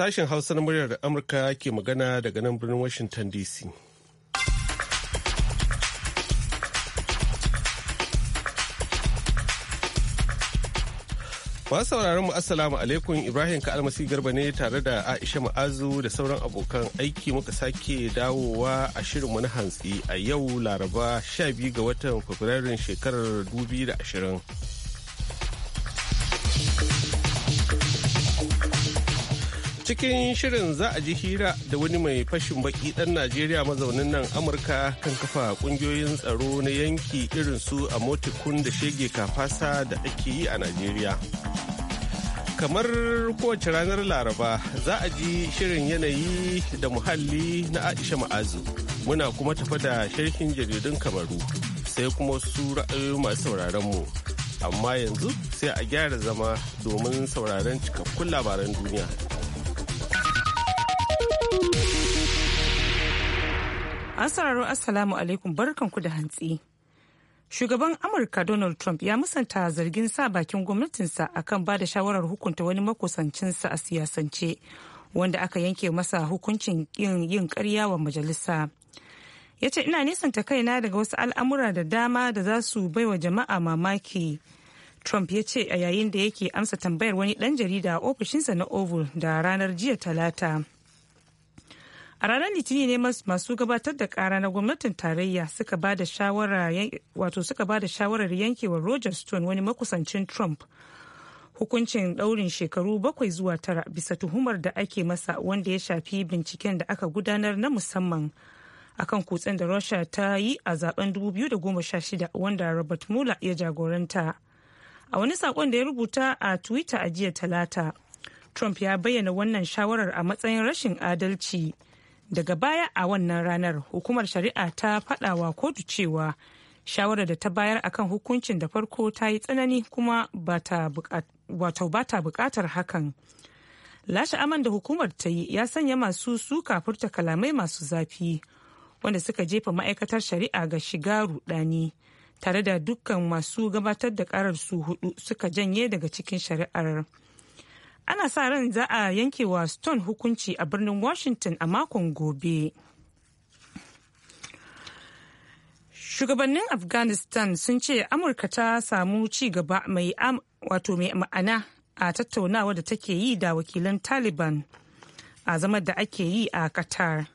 Sashen Hausa na muryar Amurka ke magana daga nan birnin Washington DC. Masu sauraron mu Assalamu alaikum Ibrahim ka almasi garba ne tare da Aisha Ma'azu da sauran abokan aiki muka sake dawowa a shirinmu na hantsi a yau Laraba 12 ga watan Fabrairun shekarar 2020. Cikin shirin za a ji hira da wani mai fashin baki dan Najeriya mazaunin nan Amurka kan kafa kungiyoyin tsaro na yanki irin su a motikun da shege kafasa da ake yi a Najeriya. Kamar kowace ranar Laraba za a ji shirin yanayi da muhalli na Aisha Ma'azu. Muna kuma tafa da sharhin jaridun Kamaru sai kuma su ra'ayoyi masu sauraron mu. Amma yanzu sai a gyara zama domin sauraron cikakkun labaran duniya. An sauraro Assalamu alaikum barkanku da hantsi. Shugaban Amurka Donald Trump ya musanta zargin sa bakin gwamnatinsa akan ba da shawarar hukunta wani makusancinsa a siyasance wanda aka yanke masa hukuncin yin karya wa majalisa. Ya ce ina nisanta kaina daga wasu al'amura da dama da za su baiwa jama'a mamaki. Trump ya ce a yayin da yake amsa tambayar wani dan jarida a ofishinsa na Oval da ranar jiya talata. a ranar litinin ne masu gabatar da kara na gwamnatin tarayya suka ba da shawarar yankewa roger stone wani makusancin trump hukuncin ɗaurin shekaru bakwai zuwa tara bisa tuhumar da ake masa wanda ya shafi binciken da aka gudanar na musamman akan kutsen da russia ta yi a zaben 2016 wanda robert mueller ya jagoranta a wani saƙon da ya rubuta a twitter a jiya talata trump ya bayyana wannan shawarar a matsayin rashin adalci. daga baya a wannan ranar hukumar shari'a ta faɗawa kotu cewa shawarar da ta bayar akan hukuncin da farko ta yi tsanani kuma ba ta buƙatar hakan lashe aman da hukumar ta yi ya sanya masu suka furta kalamai masu zafi wanda suka jefa ma'aikatar shari'a ga shiga rudani tare da dukkan masu gabatar da karar su hudu suka janye daga cikin shari'ar. ana sa ran za a yanke wa stone hukunci a birnin washington a makon gobe shugabannin afghanistan sun ce amurka ta samu ci gaba mai wato mai ma'ana a tattaunawa da take yi da wakilan taliban a zamar da ake yi a qatar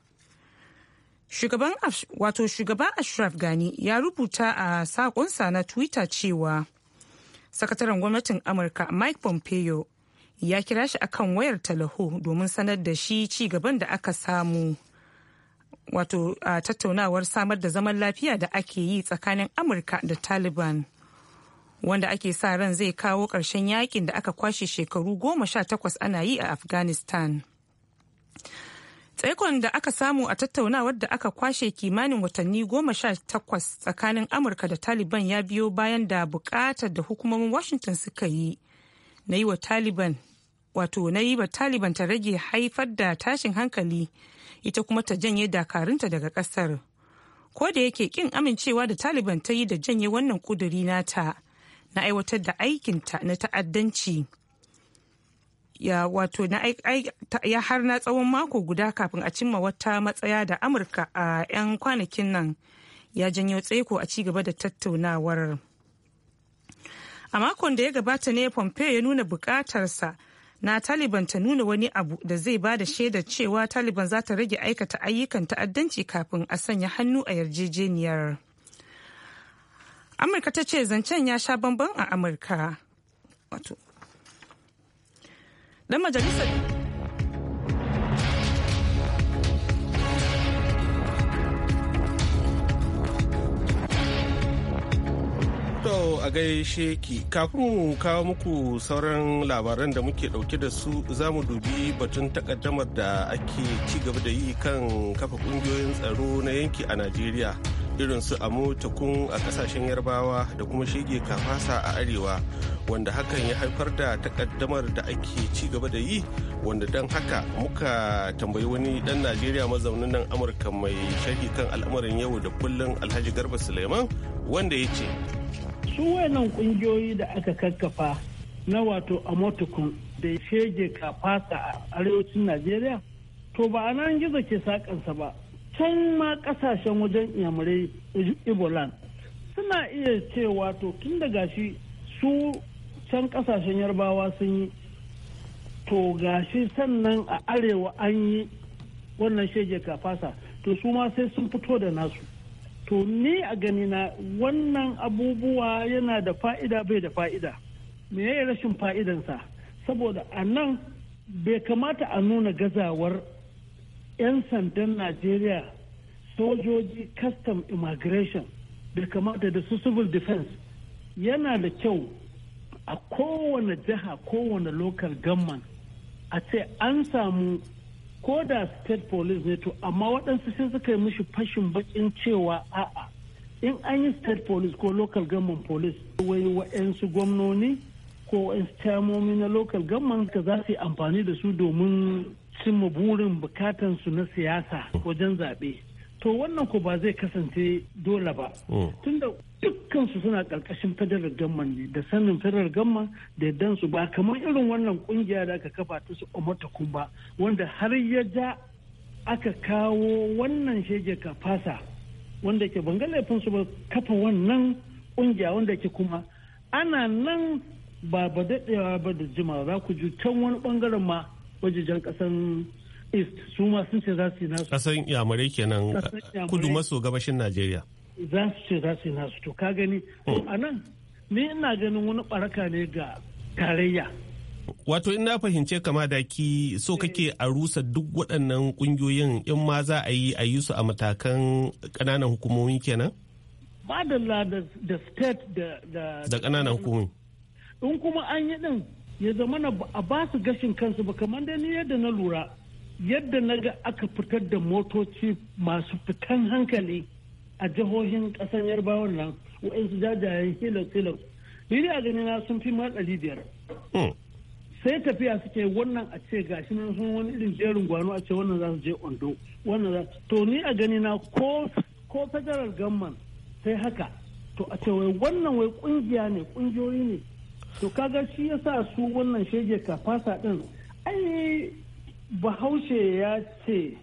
shugaban wato shugaban ashraf gani ya rubuta a sakonsa na twitter cewa sakataren gwamnatin amurka mike pompeo ya kira shi a kan wayar talaho domin sanar da shi ci gaban da aka samu wato a tattaunawar samar da zaman lafiya da ake yi tsakanin amurka da taliban wanda ake sa ran zai kawo ƙarshen yakin da aka kwashe shekaru goma sha takwas ana yi a afghanistan tsaikon da aka samu a tattaunawar da aka kwashe kimanin watanni goma sha takwas tsakanin amurka da taliban ya biyo bayan da bukatar da hukumomin washington suka yi na yi wa taliban wato na yi wa taliban ta rage haifar da tashin hankali ita kuma ta janye dakarunta daga kasar ko da yake kin amincewa da taliban ta yi da janye wannan kuduri nata na aiwatar da aikinta na ta'addanci ya wato na ya har na tsawon mako guda kafin a cimma wata matsaya da amurka a 'yan kwanakin nan ya janyo tsaiko a ci gaba da tattaunawar. a makon da ya gabata ne pompeo ya nuna bukatarsa na taliban ta nuna wani abu da zai ba da shaidar cewa taliban za ta rage aikata ayyukan ta'addanci kafin a sanya hannu a yarjejeniyar amurka ta ce zancen ya sha bamban a amurka wato majalisar To a gaishe ki kafin mu kawo muku sauran labaran da muke dauke da su za mu dubi batun takaddamar da ake ci gaba da yi kan kafa kungiyoyin tsaro na yanki a Najeriya irin su amu takun a kasashen yarbawa da kuma shege kafasa a arewa wanda hakan ya haifar da takaddamar da ake ci gaba da yi wanda don haka muka tambayi wani dan najeriya mazaunin nan amurka mai sharhi kan al'amarin yau da kullun alhaji garba suleiman wanda ya ce su wayannan kungiyoyi da aka kakkafa na wato amotukun da shege kafasa a arewacin najeriya to ba a nan gizo ke sakansa ba can ma kasashen wajen yamurai ibolan suna iya cewa to tun daga shi su can kasashen yarbawa sun yi to gashi sannan a arewa an yi wannan shege kafasa to su ma sai sun fito da nasu to ni a ganina wannan abubuwa yana da fa'ida bai da fa'ida me ya rashin fa'idansa saboda a nan bai kamata a nuna gazawar 'yan sandan najeriya sojoji custom immigration bai kamata da su civil defense yana da kyau a kowane jiha kowane local government a ce an samu ko da state police ne to amma waɗansu sai suka yi mishi fashin bakin cewa a'a in an yi state police ko local government police wai wayansu gwamnoni ko waɗansu tamomi na local government ka za su yi amfani da su domin cimma burin bukatansu na siyasa wajen zaɓe to wannan ko ba zai kasance dole ba mm. tunda dukkansu suna ƙarƙashin federal gamman ne da sanin federal gamman da dansu ba kamar irin wannan kungiya da aka kafa ta su umarta ba wanda har ya ja aka kawo wannan shege kafasa wanda ke ban su ba kafa wannan ƙungiya wanda ke kuma ana nan ba ba daɗewa ba da jima za ku ji can wani bangaren ma wajejen ƙasan east su ma sun ce za su yi nasu ƙasan yamurai kenan kudu maso gabashin najeriya za su ce za su yi nasu to ka gani hmm. a nan ni ina ganin wani baraka ne ga tarayya wato in fahimce kama da ki so eh. kake a rusa duk waɗannan ƙungiyoyin in ma za a yi a yi su a matakan ƙananan hukumomi kenan madalla da state da da ƙananan hukumomi in kuma an yi ɗin ya zama na a ba su gashin kansu ba kamar da ni yadda na lura yadda na ga aka fitar da motoci masu fitan hankali a jihohin kasan yarbawan nan wa'insu jajayen hilux-hilux ni ne a ganina sun fi ma ɗari biyar hmm. sai tafiya suke wannan a ce gashi nan sun wani irin jerin gwano a ce wannan za su je ondo wannan za to ni a ganina ko ko federal gamman sai haka to a ce wai wannan wai kungiya ne kungiyoyi ne to kaga shi yasa su wannan shege fasa din ai bahaushe ya ce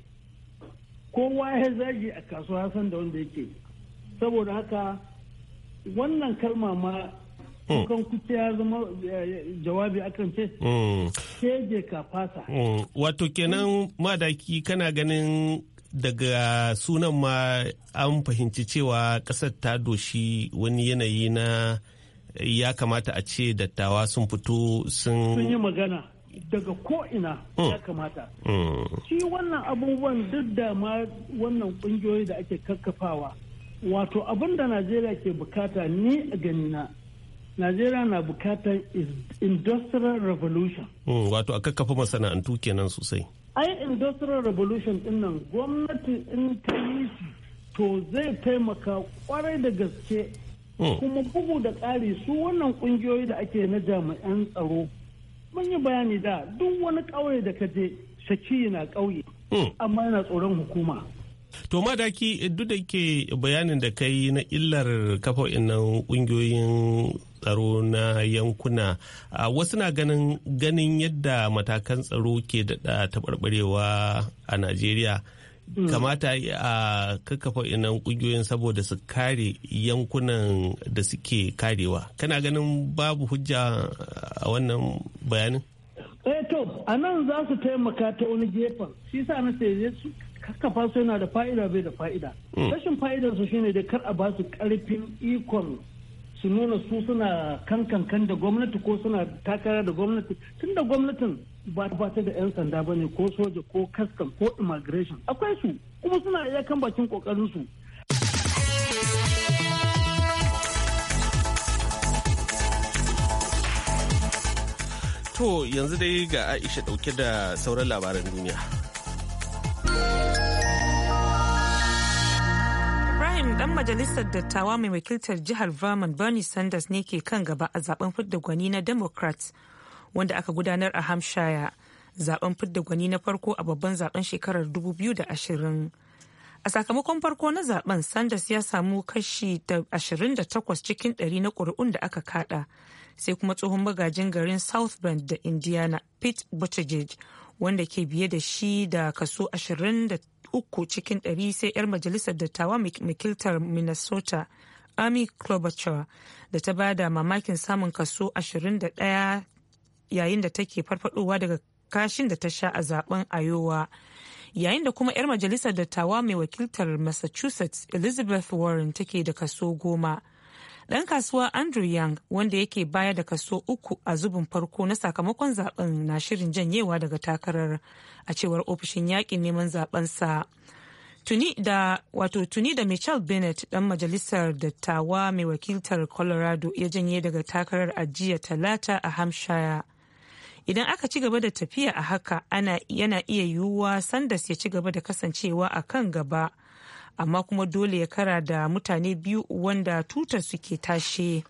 kowa ya zagi a kasuwa san da wanda yake saboda haka wannan kalma ma hmm. kan kuce ya zama jawabi akan ce hmm. je ka fasa hmm. wato kenan madaki kana ganin daga sunan ma an fahimci cewa ƙasar ta doshi wani yanayi na ya kamata a ce dattawa sun fito sun yi magana daga ko'ina hmm. ya kamata. Hmm. Shi wannan abubuwan duk da ma wannan kungiyoyi da ake kakkafawa. Wato abin da Najeriya ke bukata ni a ganina. Najeriya na bukatar industrial revolution. Hmm, wato a kakkafa masana'antu kenan sosai. Ai industrial revolution din nan gwamnati in ta yi shi to zai taimaka kwarai da gaske. Kuma bugu da ƙari su wannan kungiyoyi da ake na jami'an tsaro. mun yi bayani da duk wani ƙauye da ka je shaki na ƙauye hmm. amma yana tsoron hukuma to ki duk da ke bayanin da kai na illar kafa nan ƙungiyoyin tsaro na yankuna a wasu na ganin ganin yadda matakan tsaro ke da taɓarɓarewa a najeriya Mm. kamata a kakkafa inan kungiyoyin saboda su kare yankunan da suke karewa kana ganin babu hujja a wannan bayanin eh to a nan za su taimaka ta wani gefen shi sa na sai su kakkafa su yana da fa'ida bai da fa'ida mm. rashin fa'idar su shine da kar a ba su karfin ikon su nuna su suna kankankan da gwamnati ko suna takara da gwamnati tun da gwamnatin ba ta da 'yan sanda ba ne ko soja ko kaskan ko immigration akwai su kuma suna iya kan bakin kokarin su To yanzu dai ga Aisha dauke da sauran labaran duniya. Ibrahim dan majalisar dattawa mai wakiltar jihar Vermont Bernie Sanders ne ke kan gaba a zaben fidda gwani na Democrats wanda aka gudanar a hampshire zaben fidda gwani na farko a babban zaben shekarar 2020 a sakamakon farko na zaben sanders ya samu kashi 28 cikin 100 na ƙuri'un da aka kada sai kuma tsohon magajin garin south bend da indiana pete buttigieg wanda ke biye da shi da kaso 23 cikin 100 sai 'yar majalisar dattawa mikiltar minnesota Amy Klobuchar da ta bada mamakin samun kaso 21 yayin da take farfadowa daga kashin da ta sha a zaben Iowa. Yayin da kuma 'yar majalisar dattawa mai wakiltar Massachusetts Elizabeth Warren take da kaso goma. Ɗan kasuwa Andrew Yang wanda yake baya da kaso uku a zubin farko na sakamakon zaben na shirin janyewa daga takarar a cewar ofishin yakin neman zabensa tuni da wato tuni da michelle bennett dan majalisar dattawa mai wakiltar colorado ya janye daga takarar ajiya talata a hampshire idan aka ci gaba da tafiya a haka ana yana iya yiwuwa sanders ya ci gaba da kasancewa a kan gaba amma kuma dole ya kara da mutane biyu wanda tutar suke tashe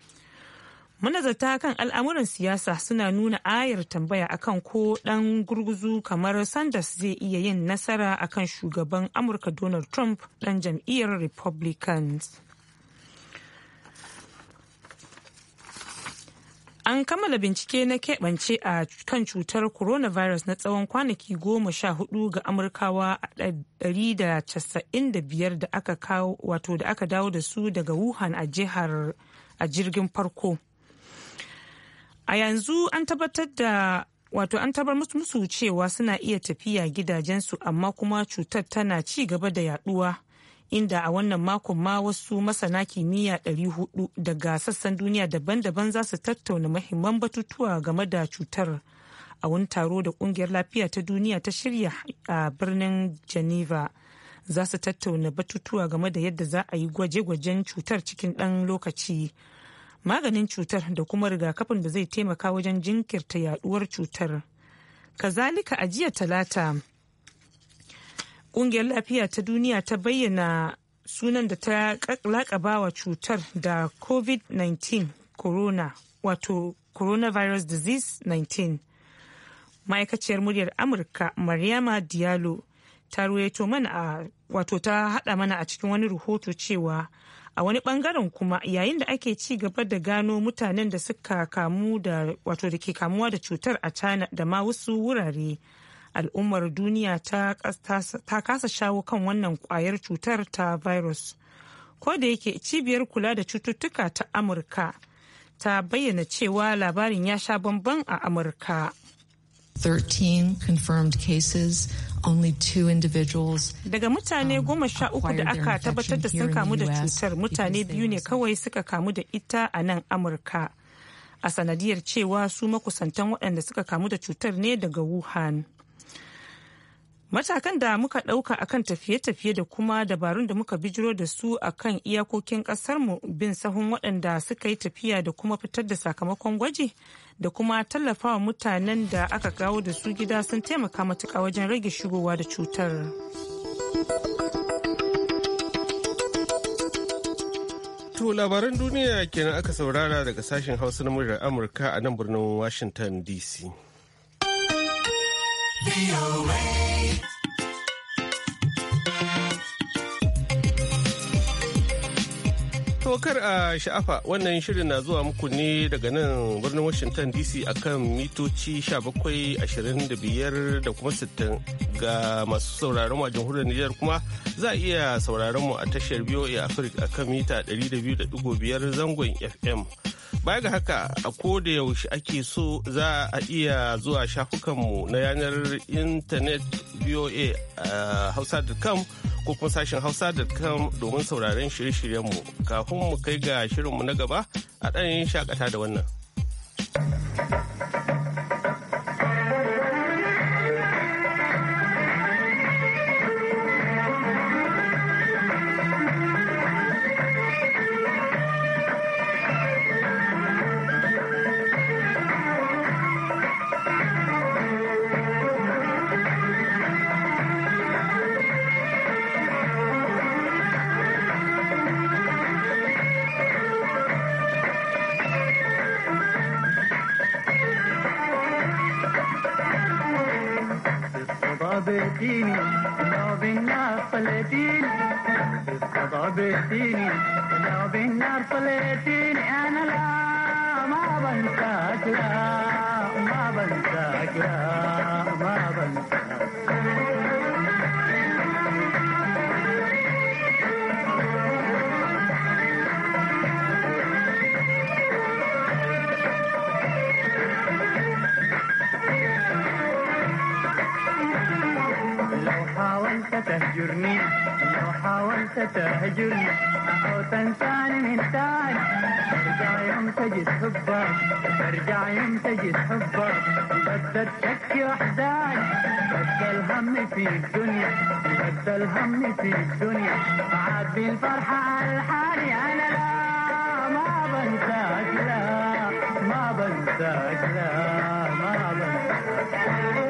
manazarta kan al'amuran siyasa suna nuna ayar tambaya akan ko dan gurguzu kamar sanders zai iya yin nasara akan shugaban amurka donald trump dan jam'iyyar republicans an kammala bincike na keɓance a kan cutar coronavirus na tsawon kwanaki goma sha hudu ga amurkawa a ɗari da casa'in da biyar da aka kawo wato da aka dawo da su daga wuhan a jihar a jirgin farko a yanzu an tabbatar da wato an tabar musu cewa suna iya tafiya gidajensu amma kuma cutar tana ci gaba da yaduwa inda a wannan makon ma wasu masana kimiyya 400 daga sassan duniya daban-daban za su tattauna mahimman batutuwa game da cutar a wani taro da kungiyar lafiya ta duniya ta shirya a birnin geneva za su tattauna batutuwa game da yadda za a yi gwaje-gwajen cutar cikin ɗan lokaci maganin cutar da kuma rigakafin da zai taimaka wajen jinkirta yaduwar cutar kazalika a jiya talata Ƙungiyar lafiya ta duniya ta bayyana sunan da ta lakaba wa cutar da COVID-19 corona wato coronavirus disease 19. Ma'aikaciyar muryar Amurka Mariama Diallo ta ruwaito mana a wato ta hada mana a cikin wani rahoto cewa a wani bangaren kuma yayin da ake ci gaba da gano mutanen da suka kamu da wato da ke kamuwa da cutar a China da ma wasu wurare. al'ummar duniya ta kasa shawo kan wannan kwayar cutar ta virus ko da yake cibiyar kula da cututtuka ta amurka ta bayyana cewa labarin ya sha bamban a amurka 13 confirmed cases only two individuals daga mutane um, goma sha uku da aka tabbatar da sun kamu da cutar mutane biyu ne kawai suka kamu da ita a nan amurka a sanadiyar cewa su makusantan waɗanda suka kamu da cutar ne daga wuhan matakan da muka ɗauka akan tafiye-tafiye da kuma dabarun da muka bijiro da su akan iyakokin mu bin sahun waɗanda suka yi tafiya da kuma fitar da sakamakon gwaji da kuma tallafawa mutanen da aka kawo da su gida sun taimaka matuƙa wajen rage shigowa da cutar. To labaran duniya kenan aka saurara daga sashen hausa na muryar Amurka a nan birnin Washington DC. VOA. To a sha'afa wannan shirin na zuwa muku ne daga nan birnin Washington DC akan mitoci 1725 da kuma 60 ga masu sauraron a jamhuriyar Nijar kuma za a iya sauraron mu a tashar BOA Africa akan mita 200.5 zangon FM. Baya ga haka a da yaushe ake so za a iya zuwa shafukanmu na yanar intanet BOA eh, hausa.com ko kuma sashen kan domin sauraron shirye-shiryenmu kafin mu kai ga shirinmu na gaba a ɗan shakata da wannan. تهجر أو تنساني من تاني ارجع يوم تجد حبك ارجع يوم تجد حبك بدل شكي وحداني بدل همي في الدنيا بدل همي في الدنيا عاد بالفرحة على حالي أنا لا ما بنساك لا ما بنساك لا ما بنساك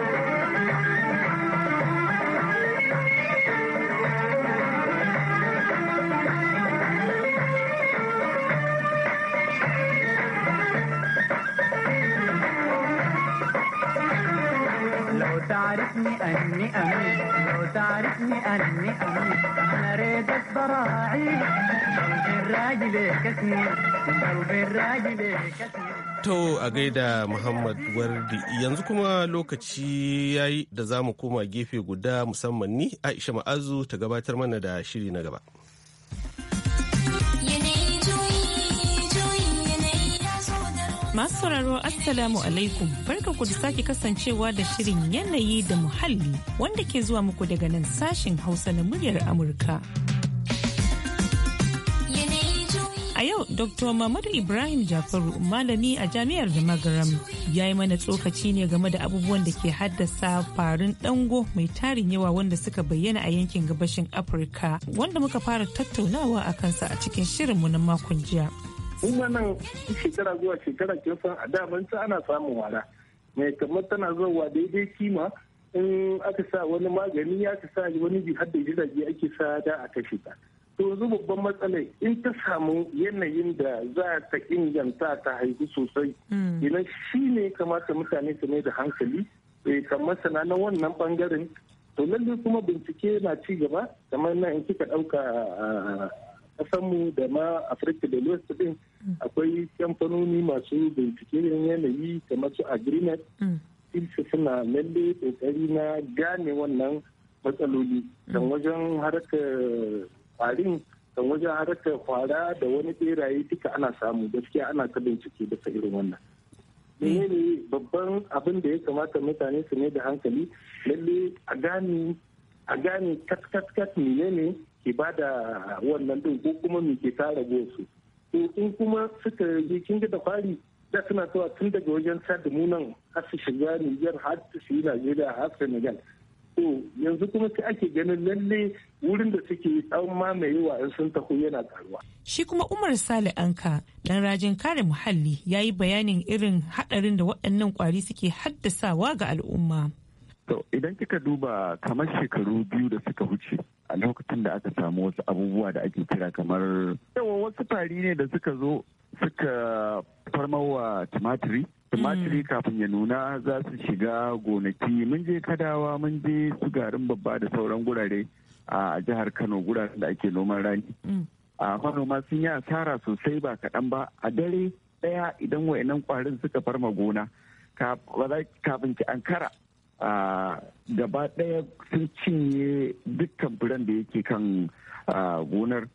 تاركني أني To a gaida Muhammad Wardi yanzu kuma lokaci ya yi da za mu koma gefe guda musamman ni Aisha Ma'azu ta gabatar mana da shiri na gaba. Masu sauraro Assalamu alaikum barka ku da sake kasancewa da shirin yanayi da muhalli wanda ke zuwa muku daga nan sashen Hausa na muryar Amurka. A yau Dr. Mamadu Ibrahim Jafaru malami a jami'ar da Magaram ya yi mana tsokaci ne game da abubuwan da ke haddasa farin dango mai tarin yawa wanda suka bayyana a yankin gabashin Afirka wanda muka fara tattaunawa a kansa a cikin shirinmu na makon jiya. in nan shekara zuwa shekara ke san a daman ta ana samun wara mai kamar tana zuwa daidai kima in aka sa wani magani aka sa wani bi har da ake sa da a kashe ta to yanzu babban matsalar in ta samu yanayin da za ta inganta ta haihu sosai ina hmm. shi ne kamata mutane su mai da hankali eh, kamar sana na wannan bangaren to lallai kuma bincike na ci gaba kamar na in kika ɗauka ah, kasanmu da ma afirka da west din mm. akwai kamfanoni masu binciken yanayi kamar su agrimet ilse mm. suna lalle kokari na gane wannan matsaloli mm. kan wajen haraka kwarin kan wajen haraka kwara da wani beraye duka ana samu gaskiya ana ta bincike da irin wannan ne babban abin da ya kamata mutane su ne da hankali lalle a gane a gane kat kat kat ne ki ba da wannan din ko kuma mu ke tara su to in kuma suka yi kin da fari da suna zuwa tun daga wajen sadu munan har su shiga Niger har su yi Najeriya har Senegal to yanzu kuma sai ake ganin lalle wurin da suke tsawon mamayewa in sun taho yana karuwa. Shi kuma Umar Sale Anka dan rajin kare muhalli yayi bayanin irin haɗarin da waɗannan kwari suke haddasawa ga al'umma. To idan kika duba kamar shekaru biyu da suka wuce a lokacin da aka samu wasu abubuwa da ake kira kamar yawa wasu fari ne da suka zo suka farmawa tumatiri tumatiri mm. kafin ya nuna za su shiga gonaki mun je kadawa mun je su garin babba da sauran gurare a jihar kano guraren da ake noman rani mm. a manoma sun yi asara sosai ba kaɗan ba a dare ɗaya idan wainan kwarin suka farma gona kafin ki ankara gaba ɗaya sun cinye dukkan furen da yake kan gonar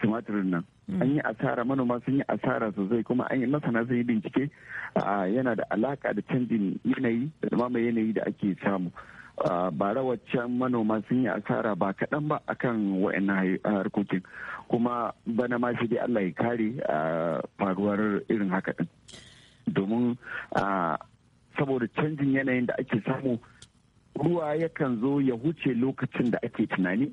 tumatirin nan mm. an yi asara manoma sun yi asara sosai kuma an yi masana sun yi bincike yana da alaka da canjin yanayi da mamaye yanayi da ake samu bara waccan manoma sun yi asara ba kaɗan ba akan wa'annan harkokin kuma bana ma shi dai allah ya kare faruwar irin haka ɗin domin saboda canjin yanayin da ake samu ruwa yakan zo ya huce lokacin da ake tunani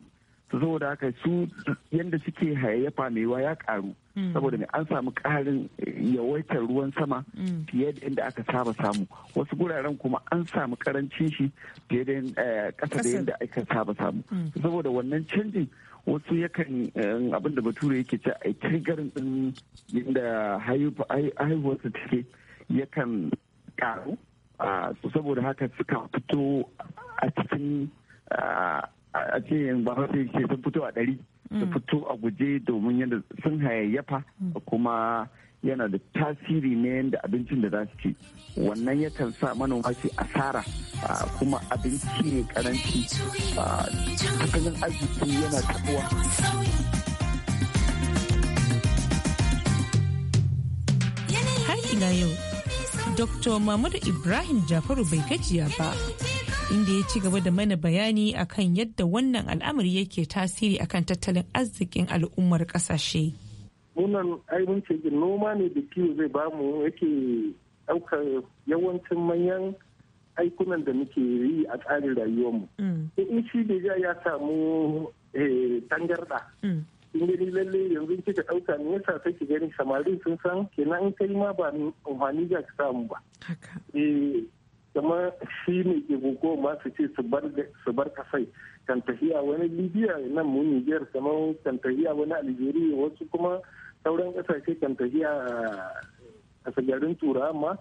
saboda haka su yadda suke hayayyafa mai ya karu hmm. saboda mai an samu karin eh, yawaitar ruwan sama hmm. fiye da yadda aka saba samu wasu guraren kuma an samu karancin shi fiye da kasa eh, da yadda aka saba samu hmm. saboda wannan canjin wasu yakan eh, abin da bature yake ce a garin din yadda haihuwarsa take yakan karu Ah, saboda haka suka fito a cikin ah, a ce ba sai ce sun fito a ɗari su mm. fito a guje domin yadda sun hayayyafa mm. kuma yana da tasiri ne yadda abincin da za su ci wannan yakan sa manoma ke asara ah, kuma abinci ne karanci tattalin arziki yana tabuwa har ila yau dr mahmud ibrahim jafaru bai gajiya ba inda ya ci gaba da mana bayani akan yadda wannan al'amari yake tasiri akan tattalin arzikin al'ummar kasashe munan aibin noma ne da kiwo zai ba mu yake ɗaukar yawancin manyan aikunan da muke yi a tsarin rayuwarmu. Mm. Eh, in shi da ya samu eh, tangarɗa mm. kin gani lalle yanzu kika ɗauka ne yasa saki gani samari sun san kenan in kai ma ba amfani za ka samu ba. Haka. Eh, kamar shi ne ke gugo ma su ce su bar kasai kan tafiya wani libya nan mu niger kamar kan tafiya wani algeria wasu kuma sauran kasashe kan tafiya a sagarin turawa ma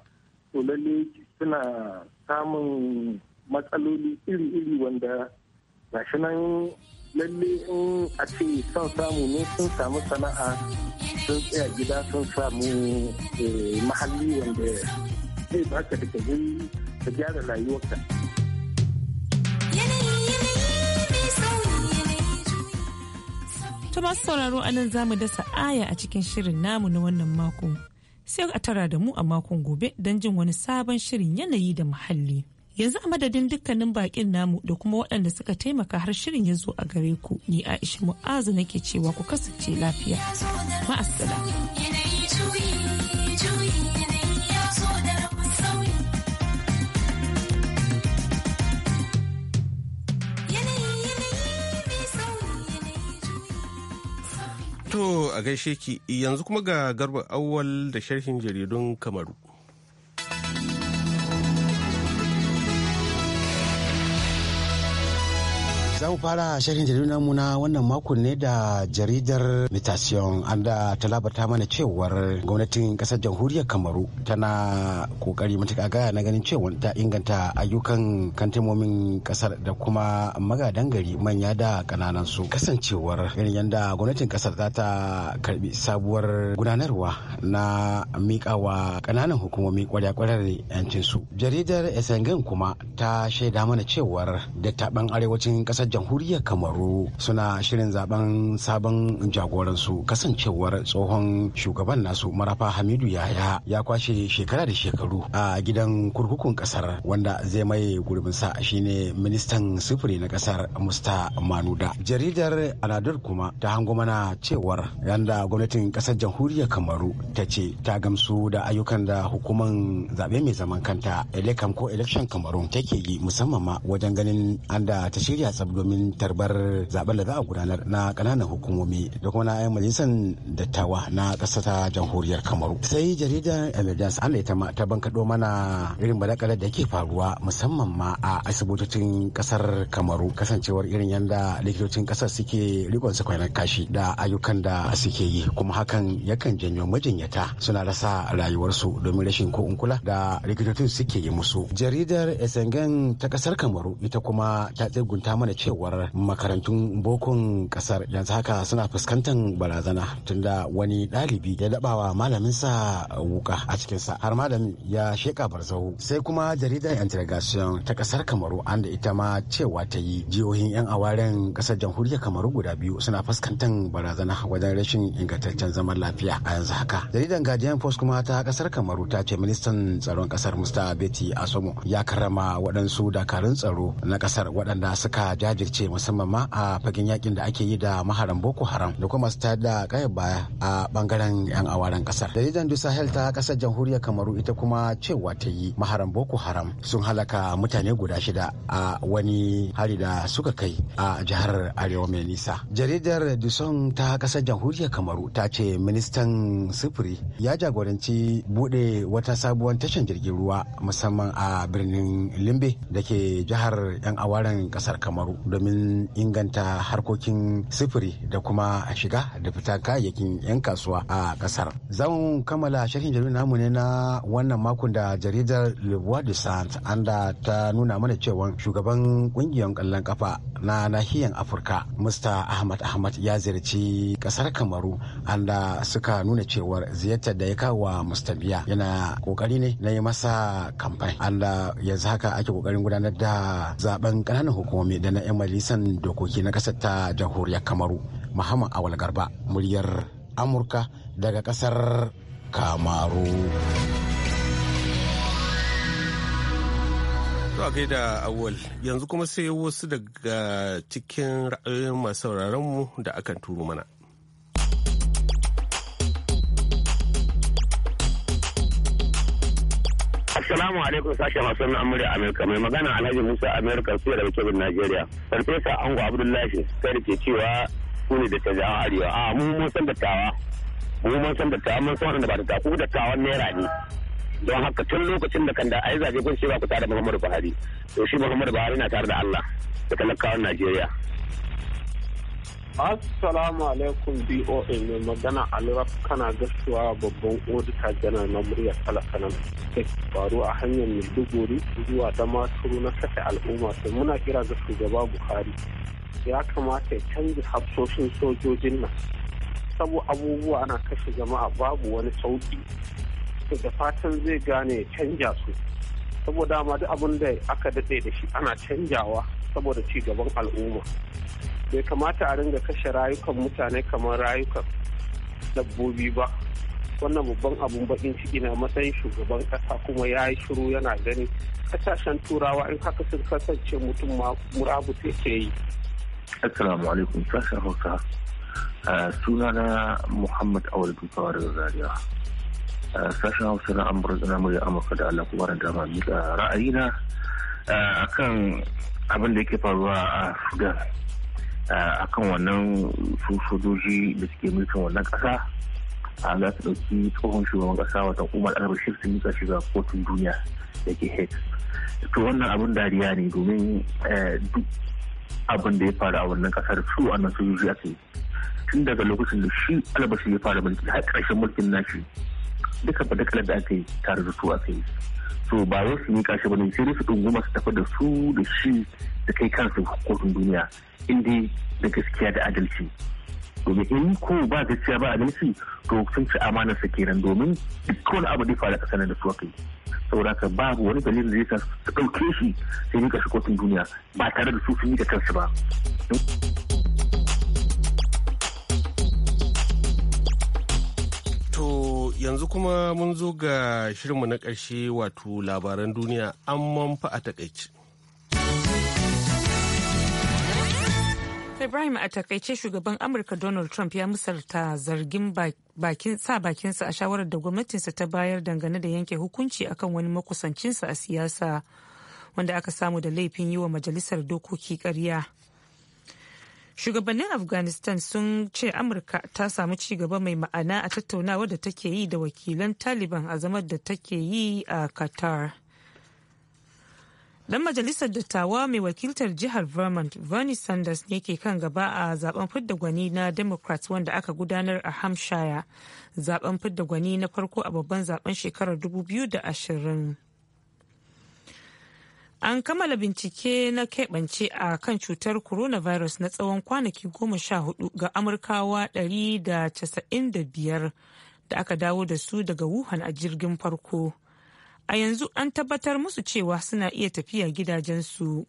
to lalle suna samun matsaloli iri-iri wanda gashi nan lalle in a ce son samu ne sun samu sana'a sun tsaya gida sun samu eh, mahalli wanda zai baka da ka gyara rayuwarka. Tuma masu sauraro a nan zamu dasa aya a cikin shirin namu na wannan mako. Sai a tara da mu a makon gobe don jin wani sabon shirin yanayi da muhalli. yanzu a madadin dukkanin bakin namu da kuma waɗanda suka taimaka har shirin ya zo a gare ku ni aisha mu'azu nake cewa ku kasance lafiya ma'asala To a gaishe ki yanzu kuma ga garba awwal da sharhin jaridun Kamaru. Za mu fara shirin jaridar namu na wannan makon ne da jaridar Mutation an da talabata mana cewar gwamnatin kasar jamhuriyar Kamaru tana kokari matuƙa gaya na ganin cewa ta inganta ayyukan kantimomin kasar da kuma magadan gari manya da kananan su kasancewar irin yadda gwamnatin kasar za ta karbi sabuwar gudanarwa na miƙawa kananan hukumomi kwarya-kwarar yancin su jaridar Esengen kuma ta shaida mana cewar da taɓan arewacin kasar jamhuriyar kamaru suna shirin zaben sabon jagoransu kasancewar tsohon shugaban nasu marafa hamidu yaya ya kwashe shekara da shekaru a gidan kurkukun kasar wanda zai mai gurbinsa shine ministan sufuri na kasar musta manuda jaridar anadar kuma ta hango mana cewar yanda gwamnatin kasar jamhuriyar kamaru ta ce ta gamsu da ayyukan da hukuman zaɓe mai zaman kanta elekam ko election kamarun take yi musamman ma wajen ganin an da ta shirya tsabdo domin tarbar zaben da za a gudanar na kananan hukumomi da kuma na majalisar dattawa na ƙasa ta jamhuriyar kamaru sai jaridar emergence allah ita ma ta bankaɗo mana irin balakalar da ke faruwa musamman ma a asibitocin ƙasar kamaru kasancewar irin yadda likitocin ƙasar suke rikon su kashi da ayyukan da suke yi kuma hakan yakan janyo majinyata suna rasa rayuwarsu domin rashin ko in kula da likitocin suke yi musu jaridar esengen ta ƙasar kamaru ita kuma ta tsegunta mana cewa cewar makarantun bokon kasar yanzu haka suna fuskantar barazana tunda wani ɗalibi ya dabawa malaminsa wuka a cikinsa har malamin ya sheka barzahu sai kuma jaridar intergation ta kasar kamaru an da ita ma cewa ta yi jihohin yan awaren kasar jamhuriyar kamaru guda biyu suna fuskantar barazana wajen rashin ingantaccen zaman lafiya a yanzu haka jaridar guardian post kuma ta kasar kamaru ta ce ministan tsaron kasar musta beti asomo ya karrama waɗansu dakarun tsaro na kasar waɗanda suka jaje jajirce musamman ma a fagen yakin da ake yi da maharan boko haram da kuma su da kayan baya a bangaren yan awaren kasar dalilan du sahel ta kasar jamhuriyar kamaru ita kuma cewa ta yi maharan boko haram sun halaka mutane guda shida a wani hari da suka kai a jihar arewa mai nisa jaridar duson ta kasar jamhuriyar kamaru ta ce ministan sufuri ya jagoranci bude wata sabuwar tashar jirgin ruwa musamman a birnin limbe da ke jihar yan awaren kasar kamaru domin inganta harkokin sifiri da kuma a shiga da fita kayayyakin 'yan kasuwa a kasar. Zan kammala sharhin jaridar namu ne na wannan makon da jaridar Le Bois de Saint anda ta nuna mana cewa shugaban kungiyar kallon kafa na nahiyar Afirka Mr. Ahmad Ahmad ya ziyarci kasar Kamaru anda suka nuna cewar ziyartar da ya kawo wa Mr. Biya yana kokari ne na yi masa kamfani anda yanzu haka ake kokarin gudanar da zaben kananan hukumomi da na 'yan 'yan majalisar dokoki na ƙasar ta jamhuriyar kamaru muhammad awal garba muryar amurka daga ƙasar kamaru To a gaida awal yanzu kuma sai wasu daga cikin ra'ayoyin masu sauraronmu da akan turu mana. Assalamu alaikum sashen Hausa na Amurka Amerika mai magana Alhaji Musa Amerika suya daga bin Najeriya. Farfesa Ango Abdullahi sai ke cewa su ne da arewa. A mu mun san dattawa. Mu mun san dattawa mun san wanda ba ta ku dattawan naira ne. Don haka tun lokacin da kan da ai zabe kun ce ba ku tare da Muhammadu Buhari. To shi Muhammadu Buhari na tare da Allah da talakawan Najeriya. Assalamu alaikum BOA mai magana Alraf kana gaskiya babban odita janar na murya talakanan da faru a hanyar Maiduguri zuwa Damaturu na sake al'umma sai muna kira ga shugaba Buhari ya kamata ya canza hafsoshin sojojin nan sabo abubuwa ana kashe jama'a babu wani sauki da fatan zai gane ya canja su saboda ma duk abin da aka daɗe da shi ana canjawa saboda ci gaban al'umma bai kamata a ringa kashe rayukan mutane kamar rayukan dabbobi ba wannan babban abun bakin ciki na matsayin shugaban kasa kuma ya yi shiru yana gani kasashen turawa in haka sun kasance mutum ma murabu ke yi assalamu alaikum sashen hausa uh, suna na muhammad awal dukawa daga zaria uh, sashen hausa na amurka na murya amurka da allah kuma da ra'ayina uh, akan abin da yake faruwa a sudan akan wannan su sojoji da suke mulkin wannan kasa a za su ɗauki tsohon shugaban kasa watan umar shi su mika shiga kotun duniya da ke hague to wannan abin dariya ne domin eh, duk abin da ya faru a wannan kasar su a nan sojoji aka yi tun daga lokacin da shi albashir ya fara mulki har ƙarshen mulkin nashi duka ba da aka yi tare da su aka yi so ba wasu ne mika ba ne sai su ɗunguma su tafi da su da shi su kai kansu kotun duniya in dai da gaskiya da adalci domin in ko ba gaskiya ba adalci to sun ci amanar sa kenan domin duk wani abu da faru kasar da su kai saboda haka babu wani dalilin da zai sa su ɗauke shi sai mika shi kotun duniya ba tare da su sun yi da kansu ba. To yanzu kuma mun zo ga shirinmu na ƙarshe wato labaran duniya an manfa a takaici. Ibrahim a takaice shugaban Amurka Donald Trump ya musarta zargin bakin sa bakinsa a shawarar da gwamnatinsa ta bayar dangane da yanke hukunci akan wani makusancinsa a siyasa wanda aka samu da laifin yi wa majalisar dokoki karya Shugabannin Afghanistan sun ce Amurka ta samu ci gaba mai ma'ana a tattaunawar da take yi da wakilan Taliban a zamar da take yi a Qatar. Dan majalisar dattawa mai wakiltar jihar Vermont, Bernie Sanders ne ke kan gaba a zaben fidda gwani na Democrats wanda aka gudanar a Hampshire. Zaben fidda gwani na farko a babban zaben shekarar 2020. An kammala bincike na keɓance a kan cutar coronavirus na tsawon kwanaki goma sha hudu ga Amurkawa 195 da aka dawo da su daga Wuhan a jirgin farko. a yanzu an tabbatar musu cewa suna iya tafiya gidajensu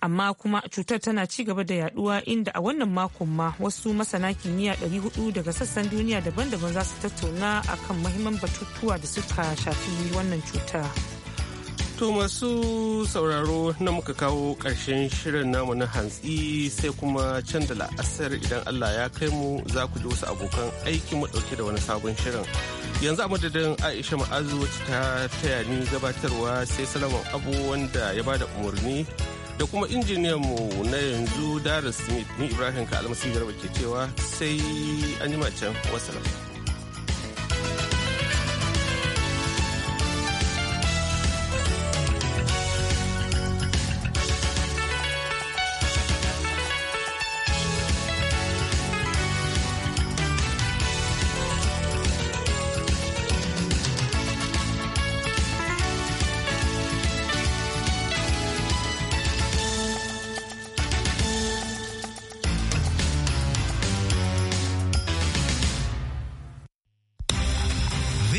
amma kuma cutar tana ci gaba da yaduwa inda a wannan makon ma wasu masana kimiyya 400 daga sassan duniya daban-daban za su tattauna akan mahimman batutuwa da suka shafi wannan cuta. To masu sauraro na muka kawo ƙarshen shirin namu na hantsi sai kuma can da la'asar idan Allah ya kai mu za ku ji wasu abokan aiki mu ɗauke da wani sabon shirin. Yanzu a madadin Aisha Ma'azu ta taya ni gabatarwa sai Salaman Abu wanda ya bada umarni da kuma injiniyan mu na yanzu Darin Smith ni Ibrahim Ka Almasi Garba ke cewa sai an yi can wasalam.